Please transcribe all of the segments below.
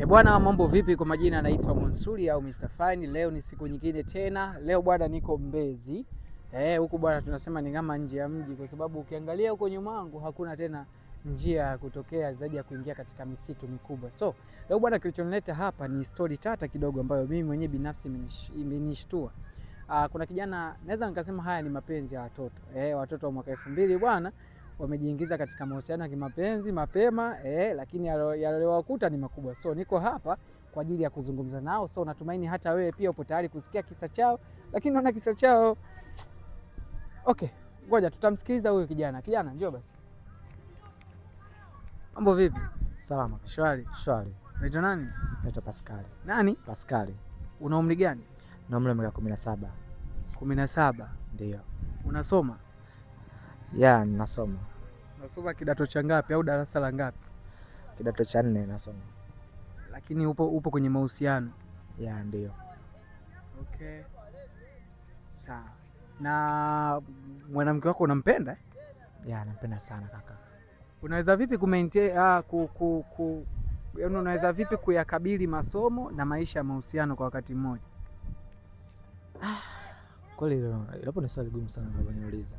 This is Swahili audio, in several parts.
E bwana, mambo vipi? Kwa majina anaitwa Monsuri au Mr Fine. Leo ni siku nyingine tena. Leo bwana, niko Mbezi eh, huku bwana tunasema ni kama nje ya mji, kwa sababu ukiangalia huko nyuma yangu hakuna tena njia ya kutokea zaidi ya kuingia katika misitu mikubwa. So leo bwana, kilichonileta hapa ni story tata kidogo ambayo mimi mwenyewe binafsi imenishtua. Ah, kuna kijana naweza nikasema haya ni mapenzi ya watoto eh, watoto wa mwaka elfu mbili bwana wamejiingiza katika mahusiano ya kimapenzi mapema eh, lakini yaliyowakuta ni makubwa. So niko hapa kwa ajili ya kuzungumza nao. So natumaini hata wewe pia upo tayari kusikia kisa chao, lakini naona kisa chao okay. Ngoja tutamsikiliza huyu kijana. Kijana, njoo basi. Mambo vipi? Salama. Shwari. Shwari. Naitwa nani? Naitwa Paskali. Nani? Paskali. Una umri gani? Na umri wa miaka kumi na saba. Kumi na saba? Ndio. Unasoma? Ya, nasoma. Unasoma kidato cha ngapi au darasa la ngapi? Kidato cha nne nasoma. Lakini upo, upo kwenye mahusiano? Ya, ndio. Okay. Sawa. Na mwanamke wako unampenda? Ya, nampenda sana kaka. Unaweza vipi ku maintain ah, ku, ku, yaani unaweza vipi kuyakabili masomo na maisha ya mahusiano kwa wakati mmoja? Ah, kweli hilo ni swali gumu sana kuniuliza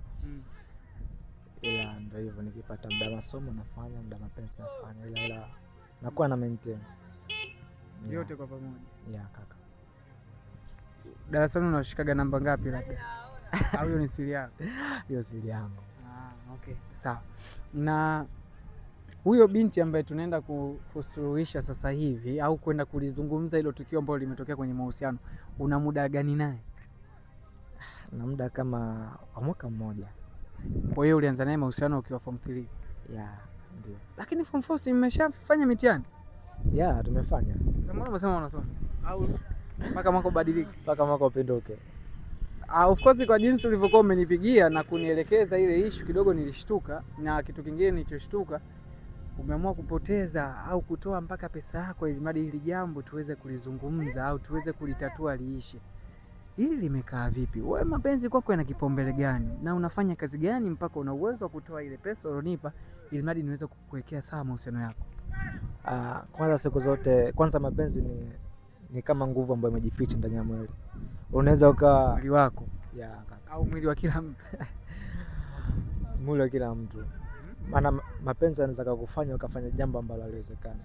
ndo hivyo, nikipata muda masomo nafanya, muda mapenzi nafanya, ila ila nakuwa na maintain yote kwa pamoja. Yeah kaka, darasani unashikaga namba ngapi? Labda au hiyo ni siri yako? Hiyo siri yangu. Ah, okay sawa. Na huyo binti ambaye tunaenda kusuluhisha sasa hivi au kwenda kulizungumza hilo tukio ambalo limetokea kwenye mahusiano, una muda gani naye? Na muda kama wa mwaka mmoja kwa hiyo ulianza naye mahusiano ukiwa form 3? Yeah, ndio. Lakini form 4 si mmeshafanya mitihani? Yeah, tumefanya. Sasa mbona unasema unasoma? Au mpaka mwaka ubadilike, mpaka mwaka upenduke. Uh, ah, of course kwa jinsi ulivyokuwa umenipigia na kunielekeza ile issue kidogo nilishtuka, na kitu kingine nilichoshtuka umeamua kupoteza au kutoa mpaka pesa yako ili mradi hili jambo tuweze kulizungumza au tuweze kulitatua liishe hili limekaa vipi? Wewe mapenzi kwako yana kipaumbele gani, na unafanya kazi gani mpaka una uwezo wa kutoa ile pesa ulionipa ili mradi niweze kukuwekea sawa mahusiano yako? Uh, kwanza siku zote, kwanza mapenzi ni, ni kama nguvu ambayo imejificha ndani ya mwili. Unaweza ukawa mwili wako ya, au mwili wa kila mtu mwili wa kila mtu, maana mapenzi yanaweza kukufanya ukafanya jambo ambalo haliwezekani,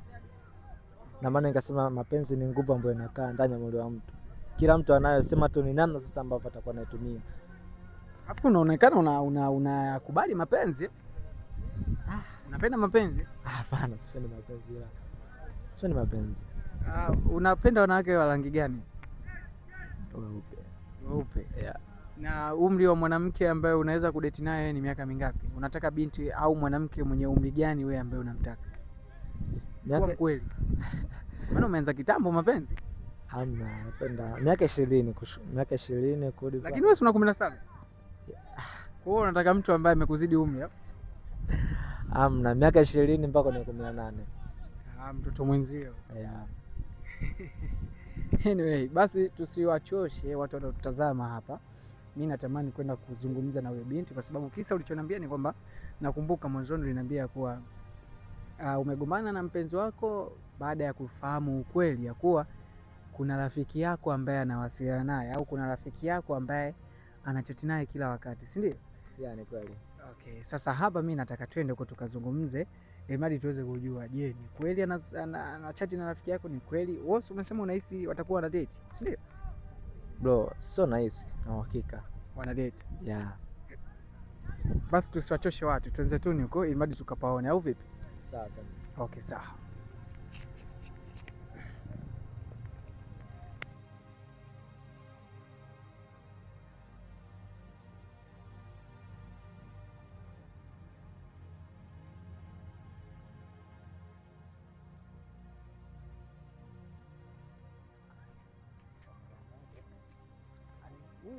na maana nikasema mapenzi ni nguvu ambayo inakaa ndani ya mwili wa mtu kila mtu anayosema tu ni namna sasa ambavyo atakuwa anatumia. Alafu unaonekana una unakubali una mapenzi. Ah, unapenda mapenzi? Ah, hapana, sipendi mapenzi ila. Sipendi mapenzi. Ah, unapenda wanawake wa rangi gani? Weupe. Weupe. Yeah. Na umri wa mwanamke ambaye unaweza kudeti naye ni miaka mingapi? Unataka binti au mwanamke mwenye umri gani wewe ambaye unamtaka? Miaka kweli. Maana umeanza kitambo mapenzi. Hamna, napenda miaka ishirini miaka ishirini kurudi. Lakini wewe una kumi na saba. Kwa hiyo unataka mtu ambaye amekuzidi umri? Hamna, miaka ishirini mpaka ni kumi na nane. Ah, mtoto mwenzio. Yeah. Anyway, basi tusiwachoshe watu wanaotutazama hapa. Mi natamani kwenda kuzungumza na huyo binti kwa sababu kisa ulichoniambia ni kwamba nakumbuka mwanzoni uliniambia kuwa uh, ah, umegombana na mpenzi wako baada ya kufahamu ukweli ya kuwa kuna rafiki yako ambaye anawasiliana naye au kuna rafiki yako ambaye anachati naye kila wakati, si ndio? Yeah, ni kweli. Okay, sasa hapa mi nataka twende huko tukazungumze eh, mradi tuweze kujua, je, ni kweli anachati na rafiki yako? Ni kweli wewe umesema unahisi watakuwa na date, si ndio? Bro, sio nahisi na uhakika wana date. Yeah. Basi tusiwachoshe watu, tuenze tu huko mradi tukapaone, au vipi? Sawa. Okay, sawa.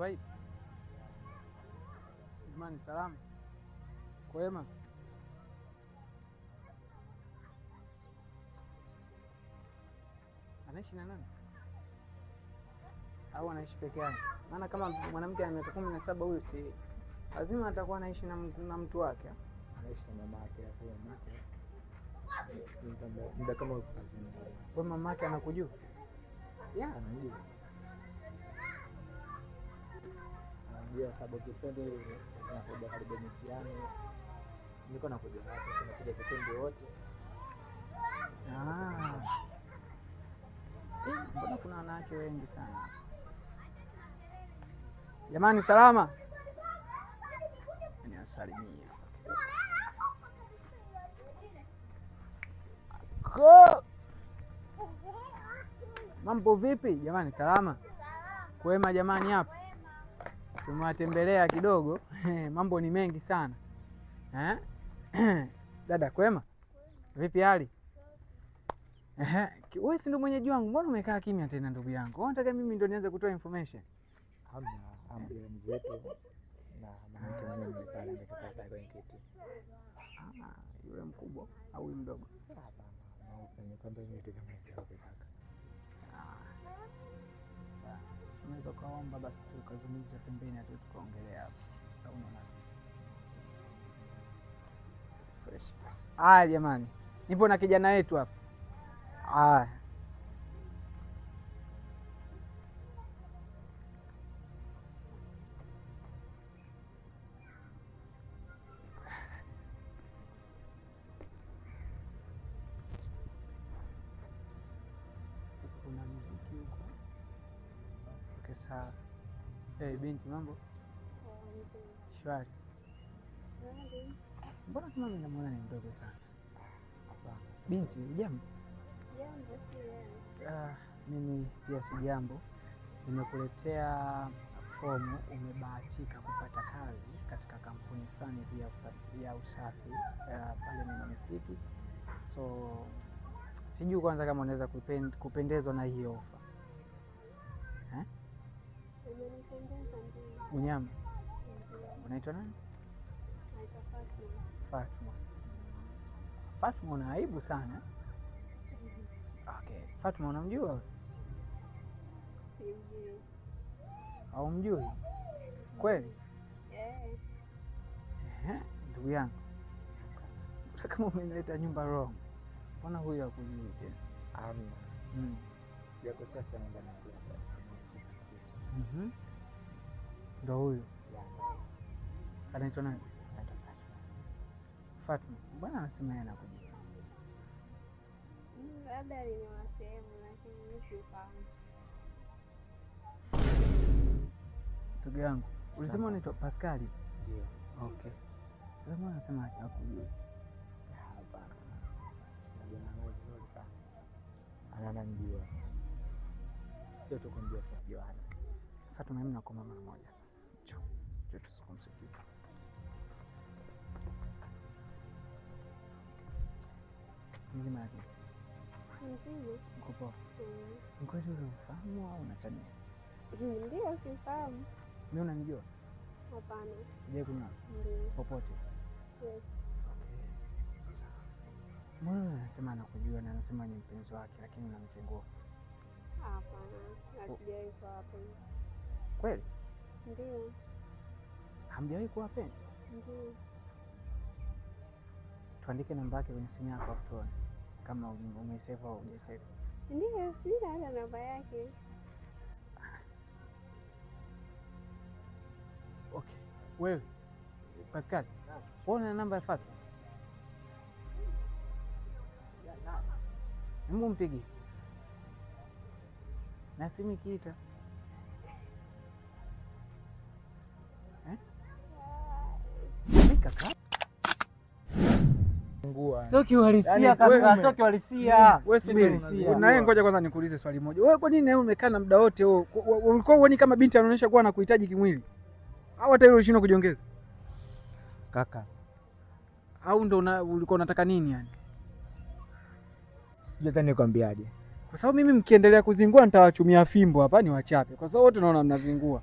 Mbaib Imani, salama kwema? Anaishi na nani au anaishi peke yake? Maana kama mwanamke ana miaka kumi na saba huyu si lazima atakuwa anaishi na, na mtu wake. Anaishi na mama yake. Sasa mama yake muda kama kwa mama yake anakujua? Yeah, anajua Je, sababu kipindi nakuja karibu mtihani, niko nakuja hapa, tunakuja kipindi wote. Ah. Eh, mbona kuna wanawake wengi sana jamani? Salama, niwasalimia ko mambo vipi jamani? Salama kwema jamani hapa tumewatembelea kidogo mambo ni mengi sana eh? Dada kwema, vipi hali? Eh? Wewe si ndo mwenyeji wangu, mbona umekaa kimya tena ndugu yangu? Unataka mimi ndo nianze kutoa information? Ah, yule mkubwa au mdogo? unaweza ukaomba basi ukazungumza pembeni, hata tukaongelea hapo. Fresh Haya jamani, nipo na kijana wetu hapa. Haya kuna mziki huko Okay, sawa. Hey, binti mambo? Shwari. Mbona kama mimi namwona ni mdogo sana? Binti, jambo? Ah, mimi pia si jambo. Nimekuletea fomu, umebahatika kupata kazi katika kampuni fulani ya usafi ya usafi ah, pale Mlimani City. So sijui kwanza kama unaweza kupendezwa na hii ofa. Unyama. Unaitwa nani? Fatma. Fatma, una aibu sana. Okay. Fatma unamjua? Au mjui kweli? Ndugu yangu, kama umeleta nyumba wrong, mbona huyo akujui tena? Amna. Hmm. Sijakosea sana. Mhm. Ndo huyu anaitwa nani? Fatma. Bwana anasema yeye anakuja. Mm, labda alinyoa sehemu lakini mimi sifahamu. Ndugu yangu, ulisema unaitwa Paskali? Ndio. Okay. Mbona anasema hakujui? vizuri sana. Ananijua. Sio tu kumjua kwa Katu na mimi na moja. mama mmoja. Cho. Cho tusikumsikia. Nzima yake. Nzima. Uko poa? Mm. Kwani unamfahamu au unachania? Ndio, simfahamu. Mi unanijua? Hapana. Je, kuna? Ndio. Popote? Yes. Okay. Sawa. Mbona anasema anakujua na anasema ni mpenzi wake lakini unamzingua? Hapana, hatujawahi kuwa wapenzi. Kweli? Ndio. Hamjawahi kuwa penzi? Ndio. Tuandike namba yake kwenye simu yako tuone kama umeisave au hujasave. Ndio, sina hata namba yake. Okay. Wewe Pascal, wewe una namba ya Fatma? Hebu mpige na simu ikiita kaka. Sio kiuhalisia yaani, kaka, sio kiuhalisia. Wewe Na ngoja kwanza nikuulize swali moja. Wewe kwa nini wewe umekaa na muda wote wewe? Ulikuwa uone kama binti anaonyesha kuwa anakuhitaji kimwili? Au hata ile ulishindwa kujiongeza? Kaka. Au ndo ulikuwa unataka nini yani? Sijui hata nikwambiaje. Kwa sababu mimi mkiendelea kuzingua nitawachumia fimbo hapa ni Kwa sababu wote naona mnazingua.